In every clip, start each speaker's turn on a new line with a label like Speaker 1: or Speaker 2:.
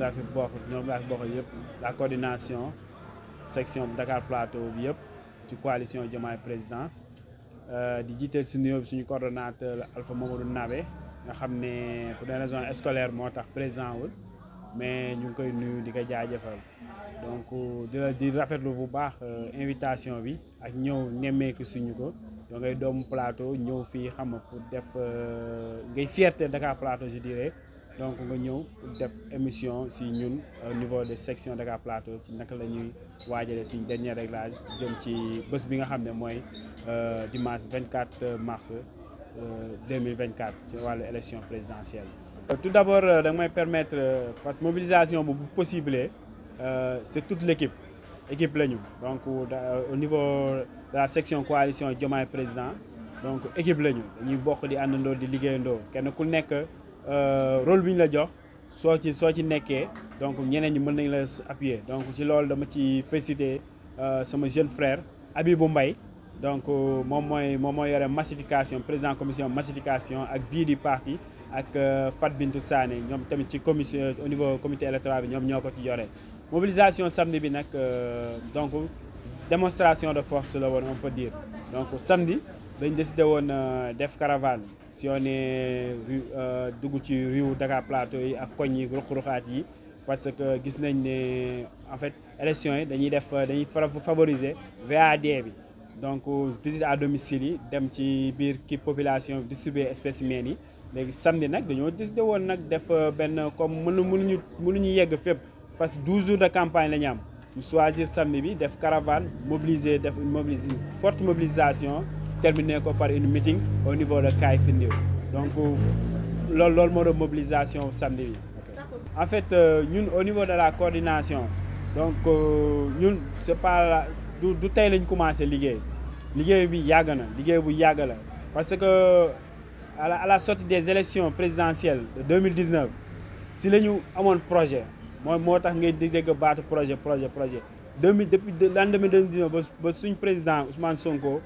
Speaker 1: laa fi bokk ñoom laa fi bokk yëpp la coordination section Dakar Plateau bi yëpp ci coalition Diomaye Président euh, di jiiteel si nuyoo bi suñu coordonnateur Alpha Mamadou Nabe nga xam ne pour des raisons scolaires moo tax président wul mais ñu ngi koy nuyu di ko jaajëfal donc di la di rafetlu bu baax euh, invitation bi ak ñëw nemmeeku suñu ko doo ngay doomu plateau ñëw fii xam nga def euh, ngay fierté Dakar Plateau je dirais donc nga ñëw def émission si ñun au niveau de section Dakar Plateau ci naka la ñuy waajalee suñ dernier réglage jëm ci bés bi nga xam ne mooy euh, dimanche 24 mars 2024 euh, ci wàllu élection présidentielle. Euh, tout d'abord da may permettre parce que mobilisation bu bu possible c'est toute l'équipe équipe la ñu donc au niveau de la section coalition Diomaye président donc équipe la ñu dañuy bokk di àndandoo di liggéeyandoo kenn ku nekk. Euh, role bi ñu la jox soo ci soo ci nekkee donc ñeneen ñi mën nañ la appuyer donc ci loolu dama ci félicité euh, sama jeune frère bu mbay donc euh, moom mooy moom mooy yore massification président commission massification ak vie du parti ak Fat Bintou Sané ñoom tamit ci commission au niveau commité électoral bi ñoom ñoo ko ci yore mobilisation samedi bi nag donc démonstration de force la woon on peut dire donc samedi dañ décidé woon euh, def caravane sillonné euh, dugg ci riu Dakar Plateau yi ak koñ yi ruq-ruqaat yi parce que gis nañ ne en fait élection yi dañuy def euh, dañuy favoriser VAD bi donc visite à domicile yi dem ci biir kii population distribuer spécimens yi léegi samedi nag dañoo décidé woon nag def benn comme mënu mënuñu ñu yegg fépp parce que 12 jours de campagne la ñu am ñu choisir samedi bi def caravane mobiliser def une mobilis forte mobilisation terminé ko par une meeting au niveau de Kayfindiou donc lool lool moo doon mobilisation samedi bi en fait euh, ñun au niveau de la coordination donc euh, ñun c'est pas du du tey lañ commencé liggéey liggéey bi yàgg na liggéey bu yàgg la parce que à la à la sortie des élections présidentielles de 2019 si la ñu amoon projet mooy moo tax ngay dégg baatu projet projet projet 2000 depuis l'an 2019 ba suñ président Ousmane Sonko.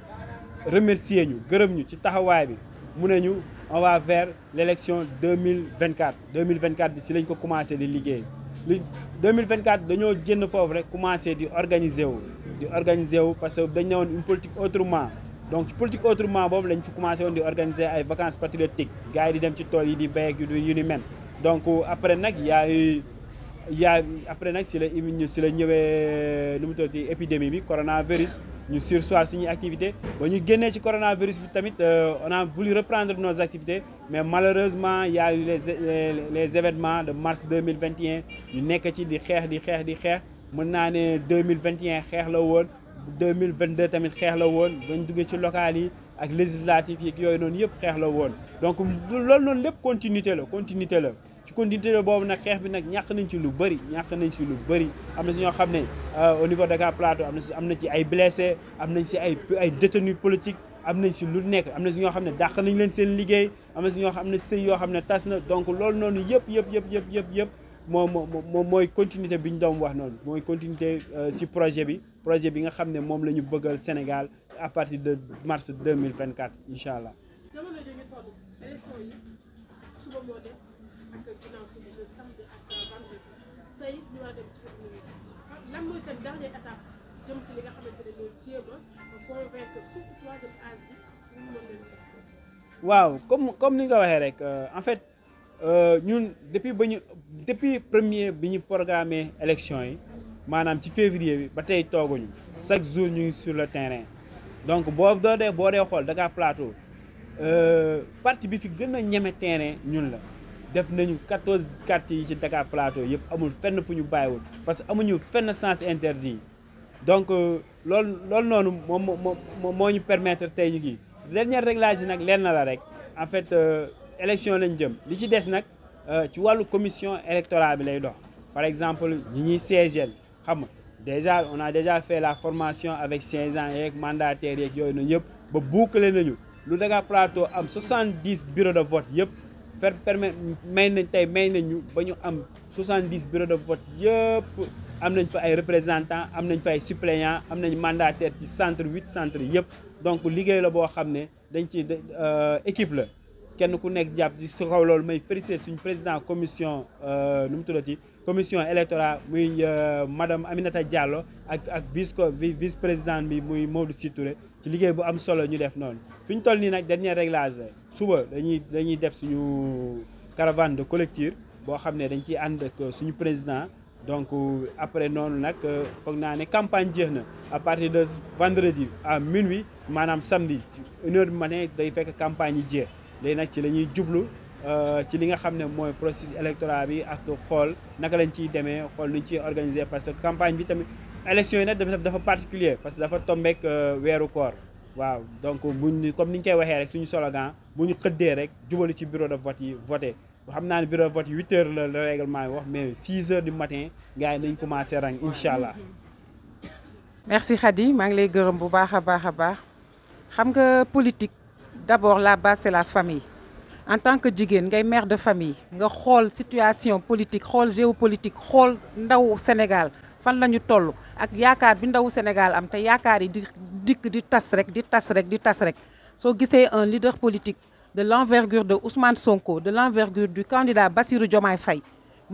Speaker 1: remercier ñu gërëm ñu ci taxawaay bi mu ne ñu deux mille va vers deux mille 2024 2024 bi si lañ ko commencé di liggéey li 2024 dañoo génn foofu rek commencé di organiser wu di organiser wu parce que dañ ne woon une politique autrement donc ci politique autrement boobu lañ fi commencé woon di organiser ay vacances patriotiques gars yi di dem ci tool yi di béy ak yu ni mel donc après nag yaa yaa après nag si la ñu si la ñëwee nu mu tuddati épidémie bi coronavirus ñu sursoir suñu activité ba ñu génnee ci coronavirus bi tamit euh, on a voulu reprendre nos activités mais malheureusement il y a eu les les événements de mars 2021 ñu nekk ci di xeex di xeex di xeex mën naa ne 2021 xeex la woon 2022 tamit xeex la woon dañ duggee ci local yi ak législatif yi yooyu noonu yëpp xeex la woon donc loolu noonu lépp continuité la continuité la ci continuité boobu nag xeex bi nag ñàkk nañ ci lu bëri ñàkk nañ si lu bëri am na si ñoo xam ne euh, au niveau de Dakar Plateau am na si am na ci ay blessés am nañ si ay ay détenus politiques am nañ si lu nekk am na si ñoo xam ne dàq nañ leen seen liggéey am na si ñoo xam ne sëy yoo xam ne tas na donc loolu noonu yëpp yëpp yëpp yëpp yëpp yëpp moom moom mooy continuité bi ñu doon wax noonu mooy continuité si euh, projet bi projet bi nga xam ne moom la ñu bëggal Sénégal à partir de mars 2024 incha allah. Euh, waaw comme comme ni nga waxee rek euh, en fait euh, ñun depuis ba ñu depuis premier bi ñu programmé élection yi maanaam ci février bi ba tey tooguñu chaque jour ñu ngi sur le terrain donc boo doo dee boo dee xool Dakar Plateau parti bi fi gën a ñeme terrain ñun la. def nañu quatorze quartiers yi ci Dakar Plateau yëpp amul fenn fu ñu bàyyiwul parce que amuñu fenn sens interdit donc euh, loolu loolu noonu moom moo moo ñu permettre tey ñu kii dernier réglage yi nag lenn la rek en fait euh, élection lañ jëm li ci des nag euh, ci wàllu commission électorale bi lay dox par exemple ñi ñuy siégel xam nga déjà on a déjà fait la formation avec 5 ans yeeg mandataires yeeg yooyu noonu yëpp ba boucler nañu lu Dakar Plateau am 70 bureaux de vote yëpp. faire permettre may nañ tey may ñu ba ñu am soixante dix bureau de vote yëpp am nañ fa ay représentants am nañ fa ay suppléants am nañ mandataire ci centre huit centre yëpp donc liggéey la boo xam ne dañ ci euh, équipe la kenn ku nekk jàpp si su kaw loolu may féliciter suñu président commission euh, nu mu tuddati commission électorale muy euh, madame Aminata Diallo ak ak vice vice président bi muy Maodo Sy Touré ci liggéey bu am solo ñu def noonu fi ñu toll nii nag dernier réglage la suba dañuy dañuy def suñu caravane de collecture boo xam ne dañ ciy ànd suñu président donc après noonu nag foog naa ne campagne jeex na à partir de vendredi à minuit maanaam samedi une heure du matin day fekk campagne yi jeex léegi ci la ñuy jublu euh, ci li nga xam ne mooy processus électoral bi ak xool naka lañ ciy demee xool luñ ciy organiser parce que campagne bi tamit élection yi nag dafa dafa particulier parce que dafa tombeek euh, weeru koor waaw donc buñ comme ni ñu koy waxee rek suñu slogan bu ñu xëddee rek jubalu ci bureau de vote yi voté xam naa ne bureau de vote yi huit heures la le règlement yi wax mais six heures du matin gars yi nañ commencé rang incha allah.
Speaker 2: merci Khady maa ngi lay gërëm bu baax a baax a baax xam nga politique d'abord la base c'est la famille en tant que jigéen ngay mère de famille nga xool situation politique xool géopolitique xool ndaw Sénégal. fan la ñu toll ak yaakaar bi ndawu Sénégal am te yaakaar yi di dikk di tas rek di tas rek di tas rek soo gisee un leader politique de l'envergure de Ousmane Sonko de l'envergure du candidat Bassirou Diomaye fay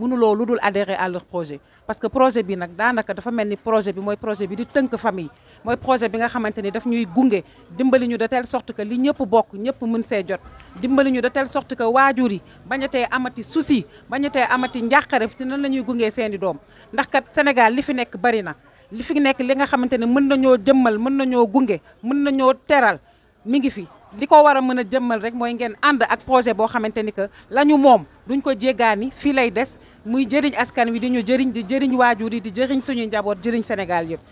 Speaker 2: mënuloo lu dul adhérer à projet parce que projet bi nag daanaka dafa mel ni projet bi mooy projet bi di tënk famille mooy projet bi nga xamante ni daf ñuy gunge dimbali ñu de telle sorte que li ñëpp bokk ñëpp mën see jot dimbali ñu de telle sorte que waajur yi bañatee amati souci bañatee amati njàqare fi nan la ñuy gungee seeni doom ndax Sénégal li fi nekk bari na li fi nekk li nga xamante ne mën nañoo jëmmal mën ñoo gunge mën nañoo teral mi ngi fi li ko war a mën a jëmmal rek mooy ngeen ànd ak projet boo xamante ni que la ñu moom ñu ko jéggaani fii lay des muy jëriñ askan wi di ñu jëriñ di jëriñ waajur yi di jëriñ suñuy njaboot jëriñ Sénégal yëpp.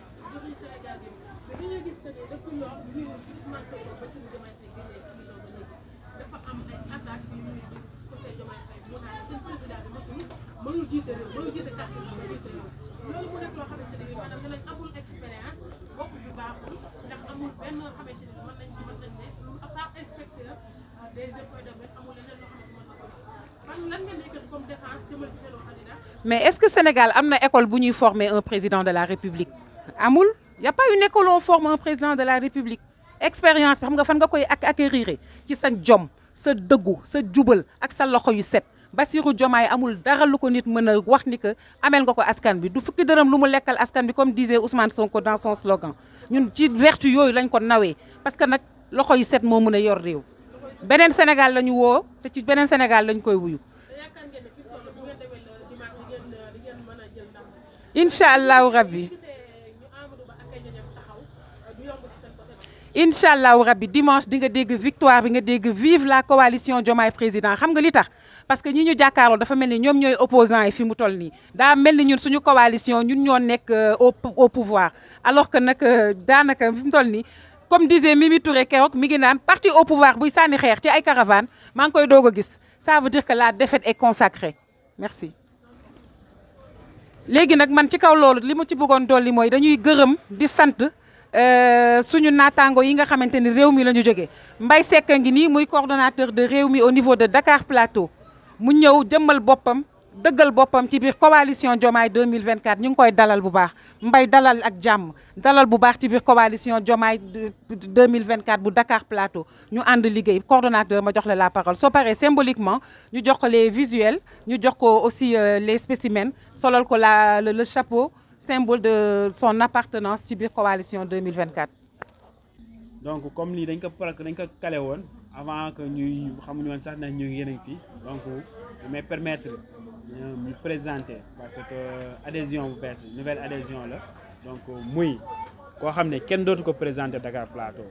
Speaker 2: mais est-ce que Sénégal am na école bu ñuy former un président de la République amul y a pas une école forme un président de la République expérience bi xam nga fan nga koy ak ak acquérir ci sa jom sa dëggu sa jubal ak sa loxo yu set ba Bassirou Diomaye amul dara lu ko nit mën a wax ni que ameel nga ko askan bi du fukki dërëm lu mu lekkal askan bi comme disait Ousmane Sonko dans son slogan ñun ci vertu yooyu lañ ko nawee parce que nag loxo yu set moo mën a yor réew. beneen Sénégal la ñu woo te ci beneen Sénégal lañ koy wuyu. incha allahu rabbi incha allahu rabbi dimanche di nga dégg victoire bi nga dégg vive la coalition Diomaye président xam nga li tax parce que ñi ñu jàkkaaroo dafa mel ni ñoom ñooy opposants yi fi mu toll nii daa mel ni ñun suñu coalition ñun ñoo nekk euh, au au pouvoir alors que nag euh, daanaka fi mu toll nii. comme disait Mimi ke keroog mi ngi naan parti au pouvoir buy sànni xeex ci ay caravan maa ngi koy doog a gis ça veut dire que la défaite est consacrée merci. léegi nag man ci kaw loolu li mu ci bëggoon dolli mooy dañuy gërëm di sant euh, suñu naataango yi nga xamante ni réew mi la ñu jógee Mbaye Seck ngi nii muy coordonnateur de réew mi au niveau de Dakar Plateau mu ñëw jëmmal boppam. dëggal boppam ci biir coalition Diomaye 2024 ñu ngi koy dalal bu baax mbay dalal ak jàmm dalal bu baax ci biir coalition Diomaye 2024 bu dakaar Plateau ñu ànd liggéey coordonnateur ma jox la la parole soo paree symboliquement ñu jox ko les visuels ñu jox ko aussi euh, les spécimens solal ko la le chapeau symbole de son appartenance ci biir coalition 2024.
Speaker 1: donc comme lii dañ ko dañ ko kale woon avant que ñuy xamuñu woon sax ne ñu ngi fii donc damay permettre. ñu présenté parce que adhésion bu bees nouvelle adhésion la donc muy koo xam ne kenn dootu ko présenter Dakar Plateau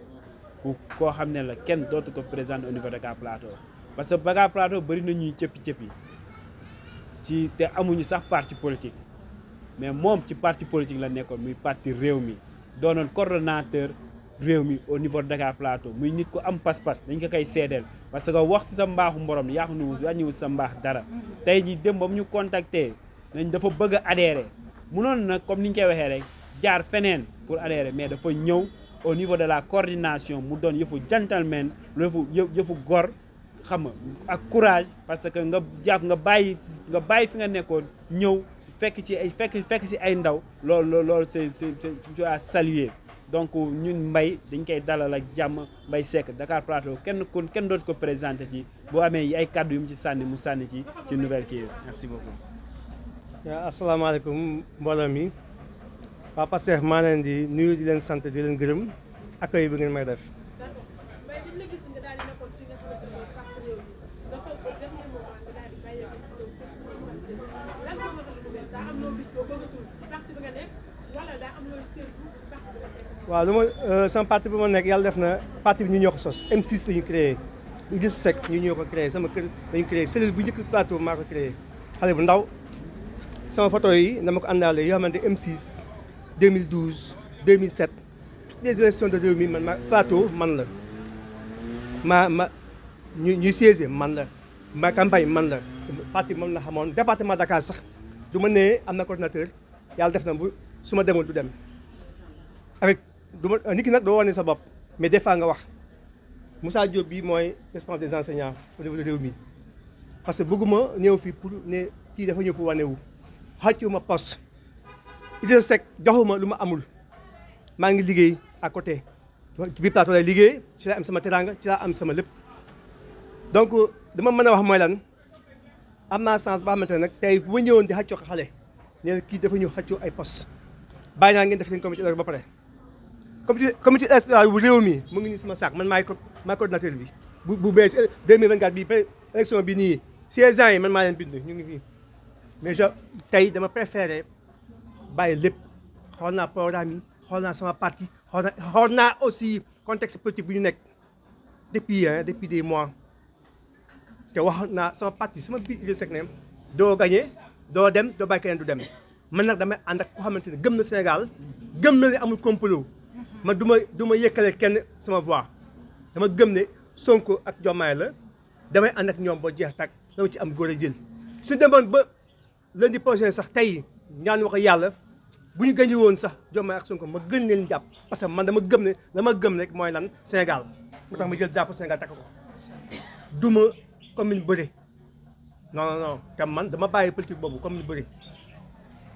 Speaker 1: ku koo xam ne la kenn dootu ko présenter au niveau Dakar Plateau parce que Dakar Plateau bëri na ñuy cëppi cëppi ci te amuñu sax parti politique mais moom ci parti politique la nekkoon muy parti réew mi doonoon coordonnateur. réew mi au niveau de Dakar Plateau muy nit ku am pas-pas dañ ko koy seedeel parce que wax si sa mbaaxu mborom yàqu ñu wàññiwul sa mbaax dara tey jii dem ba mu ñu contacter nañ dafa bëgg a adhérer munoon nag comme ni ñu koy waxee rek jaar feneen pour adhérer mais dafa ñëw au niveau de la coordination mu doon yëfu gentleman yëfu yëfu gor xam nga ak courage parce que nga jàpp nga bàyyi nga bàyyi fi nga nekkoon ñëw fekk ci ay fekk fekk si ay ndaw loolu loolu c'est c'est à saluer donc ñun mbay dañ koy dalal ak jàmm mbay sekk Dakar Plateau kenn kon kenn dootu ko présenté ci boo amee ay kàddu yu mu ci sànni mu sànni ci ci nouvelle kii merci beaucoup.
Speaker 3: asalaamaaleykum mbooloo mi waa Pastef maa leen di nuyu di leen sant di leen gërëm accueil bu ngeen may def. waaw lu ma euh, sama parti bi ma nekk yàlla def na parti bi ñu ñoo ko sos M6 la ñu créé Idrissa Seck ñu ñoo ko créé sama kër dañu créé cellule bu njëkk plateau maa ko créé xale bu ndaw sama photo yi dama ko àndaale yoo xamante M6 2012 2007 toutes les élections de 2000 man ma plateau man la ma ma ñu ñu siégé man la ma campagne man la parti bi moom la xamoon département Dakar sax du ma nee am na coordinateur yàlla def na bu su ma demoon du dem avec du a euh, nit ki nag doo wane sa bopp mais des fois nga wax Moussa Diop bi mooy responsable des enseignants au niveau de réew mi parce que bëgguma ñëw fii pour ne kii dafa ñëw pour wane wu xàccuma poste Idrissa Seck joxuma lu ma amul maa ngi liggéey à côté bi plateau lay liggéey ci sama teraanga ci am sama lépp donc dama euh, mën a wax mooy lan naa chance ba xamante nag tey bu ñëwoon di xàccoo xale kii dafa ñëw xàccoo ay poste bàyyi naa ngeen def seen comité ba pare comité comité électoral bu réew mi mu ni nii sama saak man maay maay coordinateur bi bu deme bee 2024 bii élection bi nii 16 ans yi man maa leen bind ñu ngi fii mais tey dama préféré bàyyi lépp xool naa programme yi xool naa sama parti xool naa xool naa aussi contexte politique bi ñu nekk depuis hein depuis des mois te wax naa sama parti sama biir idée sec doo gagné doo dem doo bàyyi keneen du dem man nag dama ànd ak koo xamante ne gëm na Sénégal gëm na ne amul complot man du ma du ma yëkkale kenn sama voix dama gëm ne Sonko ak Diomaye la damay ànd ak ñoom boo jeex tàkk dama ci am góor a jël su demoon ba lundi prochain sax tey ñaan wax yàlla bu ñu gëñu woon sax Diomaye ak Sonko ma gën leen jàpp parce que man dama gëm ne dama gëm rek mooy lan Sénégal moo tax ma jël jàpp Sénégal takk ko du ma commune bëri non non te man dama bàyyi politique boobu commune bëri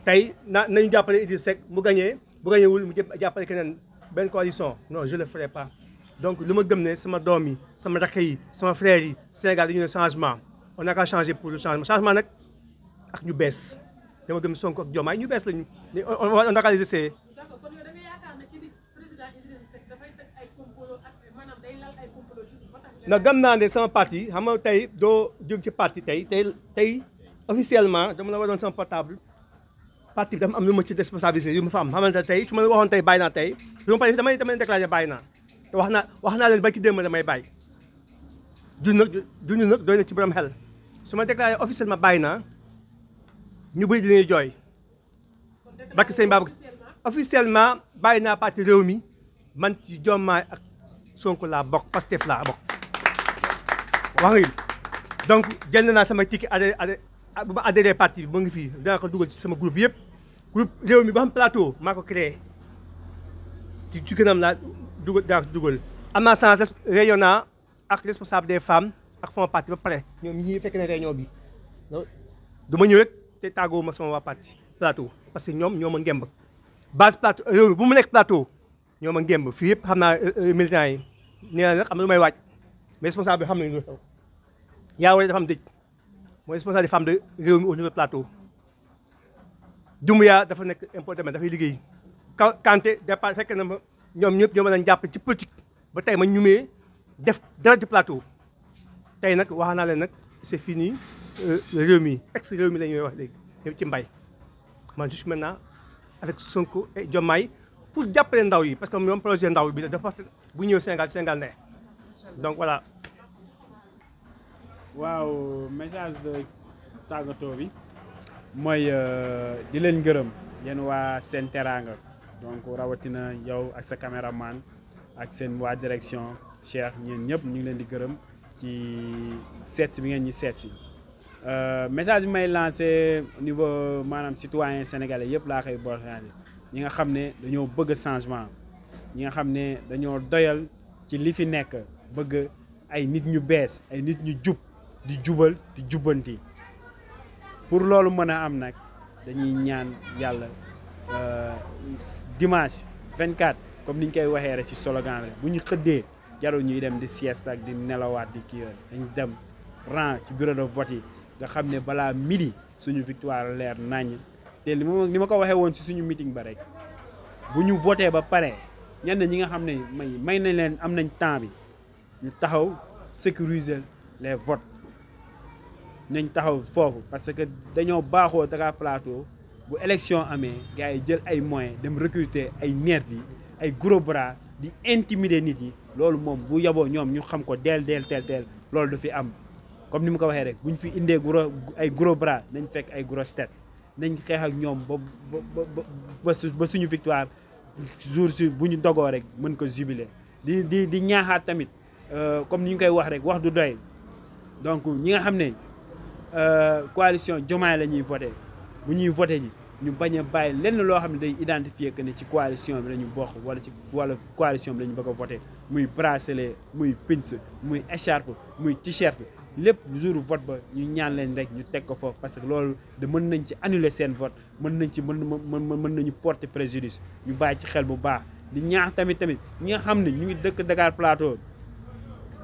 Speaker 3: tey na nañu jàppale Idriss Seck mu gañee bu gañewul mu jëpp jàppale keneen benn coalition non je le ferai pas donc lu ma gëm ne sama doom yi sama rakk yi sama frère yi Sénégal dañu ne changement on a qu'à changer pour le changement changement nag ak ñu bees dama gëm Sonko ak Diomaye ñu bees lañu on a qu'à les essayer gëm naa ne sama parti xam tey doo jóg ci parti tey tey tey officiellement dama la waroon sama portable parti bi dama am lu ma ci responsabilisé yu ma fa am xamante ne tey su ma waxoon tey bàyyi naa tey su ma paree damay damay déclaré bàyyi naa te wax naa wax naa leen ba ki démb damay bàyyi du nag du nag doy na ci borom xel su ma déclaré officiellement bàyyi naa ñu bëri dinañuy jooy bakki sëñ Babacar bàyyi naa parti réew mi man ci Diomaye ak Sonko laa bokk Pastef laa bokk wax nga donc jënd naa sama ticket adhéré Ah, bu ma adhéré parti bi mu ngi fii danaa ko dugal ci sama groupe yëpp group réew mi ba xam plateau maa ko créé ci ci kanam laa dugal danaa ko dugal am naa sens réunion naa ak responsable des femmes ak fond parti ba pare ñoom ñii fekk na réunion bi du ma ñëw rek te tàggoo ma sama waa parti plateau parce que ñoom ñoo ma ngemb base plateau réew mi bu mu nekk plateau ñoo ma ngemb fii yëpp xam naa euh, euh, militants yi nee na nag na lu may waaj mais responsable bi xam nañu lu xew yaa war a dafa mooy responsable des femmes de réew mi au niveau plateau Doumbouya dafa nekk important dafay liggéey Kanté départ fekk na ma ñoom ñëpp ñoo ma leen jàpp ci politique ba tey ma ñumee def dara ci plateau tey nag wax naa leen nag c'est fini euh, réew mi ex mi la ñuy wax léegi ci mbay man juste maintenant avec Sonko et Diomaye pour jàppale ndaw yi parce que moom projet ndaw bi dafa bu ñëw Sénégal Sénégal ne donc voilà waaw
Speaker 1: message de tàggatoo bi
Speaker 3: mooy euh, di leen gërëm
Speaker 1: yéen waa seen teraanga donc rawatina yow ak sa caméraman ak seen waa direction Cheikh ñeen ñëpp ñu ngi leen di gërëm ci seet si bi ngeen ñi seetsi si euh, message bi may lancé niveau maanaam citoyen sénégalais yëpp laa koy borxaani ñi nga xam ne dañoo bëgg changement ñi nga xam ne dañoo doyal ci li fi nekk bëgg ay nit ñu bees ay nit ñu jub di jubal di yi pour loolu mën a am nag dañuy ñaan yàlla euh, dimanche 24 comme niñ ñu koy waxee rek ci slogan bi bu ñu xëddee jarul ñuy dem di sieste ak di nelawaat di kii dañ dem rang ci bureau de vote yi nga xam ne balaa midi suñu victoire leer nàññ te li ma li ma ko waxee woon ci suñu meeting ba rek bu ñu voté ba pare ñenn ñi nga xam ne may may nañ leen am nañ temps bi ñu taxaw sécuriser les votes. nañ taxaw foofu parce que dañoo baaxoo Dakar Plateau bu élection amee gars yi jël ay moyens dem recruter ay nervi yi ay gros bras di intimider nit yi loolu moom bu yaboo ñoom ñu xam ko deel deel teel teel loolu du fi am comme ni mu ko waxee rek bu ñu fi indee gros ay gros bras fekk ay grosses nañ xeex ak ñoom ba ba suñu victoire jour bu ñu dogoo rek mën ko jubiler di di di ñaaxaat tamit euh, comme ni ñu koy wax rek wax du doy donc ñi nga xam ne. Euh, coalition Diomaye la ñuy voté bu ñuy voté ji ñu bañ a bàyyi lenn loo xam ne day identifier que ne ci coalition bi la ñu bokk wala ci wala coalition bi la ñu bëgg a muy bracelet muy pince muy écharpe muy t-shirt lépp jour vote ba ñu ñaan leen rek ñu teg ko foofu parce que loolu de mën nañ ci annuler seen vote mën nañ ci mën mën nañu porter préjudice ñu bàyyi ci xel bu baax di ñaax tamit tamit ñi nga xam ne ñu ngi dëkk Dakar Plateau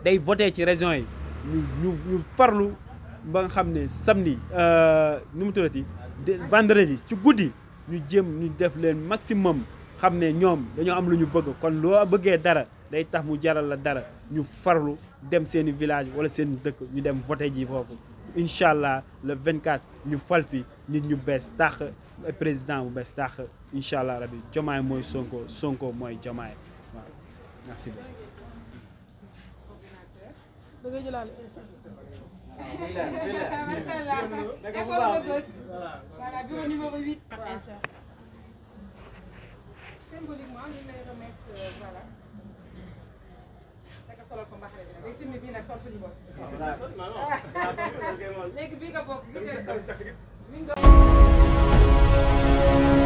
Speaker 1: day voté ci région yi ñu ñu ñu ba nga xam ne samedi euh, nu mu tuddati vendredi ci guddi ñu jëm ñu def leen maximum xam ne ñoom dañoo am lu ñu bëgg kon loo bëggee dara day tax mu jaral la dara ñu farlu dem seeni village wala seen dëkk ñu dem voté ji foofu incha allah le 24 ñu fal fi nit ñu bees tax président bu bees tax incha allah rabi jomaay mooy sonko sonko mooy jomaay waaw
Speaker 2: macha allah école Rebeuss voilà bureau numéro 8. symboliquement ñu ngi lay remettre voilà. naka solo ko mbaxale bi nag day simmi bii nag sol suñu bos.
Speaker 3: léegi bii nga bokk bii nga sol.